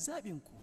zaɓinku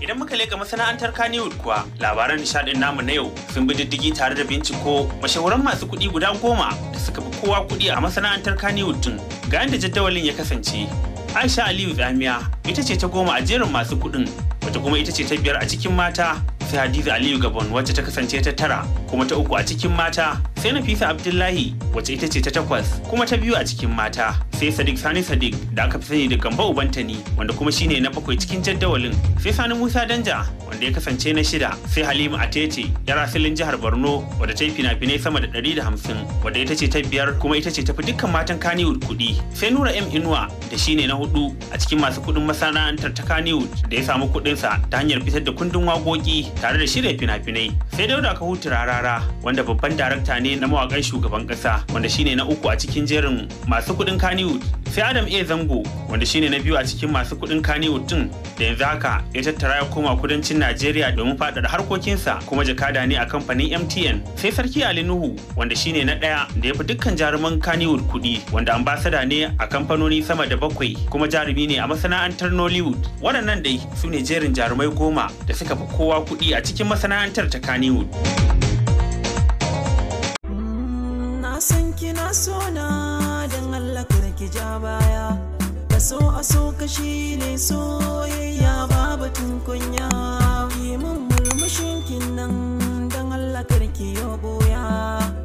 Idan muka leka masana'antar Kaniwood kuwa labaran nishaɗin namu na yau sun bi diddigi tare da binciko mashahuran masu kuɗi guda goma da suka fi kowa kuɗi a masana'antar Kaniwood tun, ga yadda jadawalin ya kasance. aisha aliyu zamiya ita ce ta goma a jerin masu kuɗin wata kuma ita ce ta biyar a cikin mata sai Hadiza Aliyu Gabon wacce ta kasance ta tara kuma ta uku a cikin mata sai Nafisa Abdullahi wacce ita ce ta takwas kuma ta biyu a cikin mata sai Sadiq Sani Sadiq da aka fi sani da Gambo Ubantani wanda kuma shine na bakwai cikin jaddawalin sai Sani Musa Danja wanda ya kasance na shida sai Halima Atete yara filin jihar Borno wadda ta yi fina-finai sama da ɗari da hamsin wadda ita ce ta biyar kuma ita ce ta fi dukkan matan Kannywood kuɗi sai Nura M Inuwa da shine na hudu a cikin masu kuɗin masana'antar ta Kannywood da ya samu kuɗinsa ta hanyar fitar da kundin waƙoƙi tare da shirya fina-finai sai dauda ka hutu rarara wanda babban darakta ne na mawakan shugaban kasa wanda shine na uku a cikin jerin masu kudin Kannywood. sai adam A. zango wanda shine na biyu a cikin masu kudin kani ɗin da yanzu haka ya tattara ya koma kudancin najeriya domin faɗaɗa harkokinsa kuma jakada ne a kamfanin mtn sai sarki ali nuhu wanda shine na ɗaya da ya fi dukkan jaruman Kannywood kuɗi wanda ambasada ne a kamfanoni sama da bakwai kuma jarumi ne a masana'antar nollywood wadannan dai su ne jerin jarumai goma da suka fi kowa kuɗi a cikin masana'antar ta Kannywood. ki ja baya kaso aso kashi ne soyayya ba batun kunya yi mun murmushin nan don Allah karki ya boya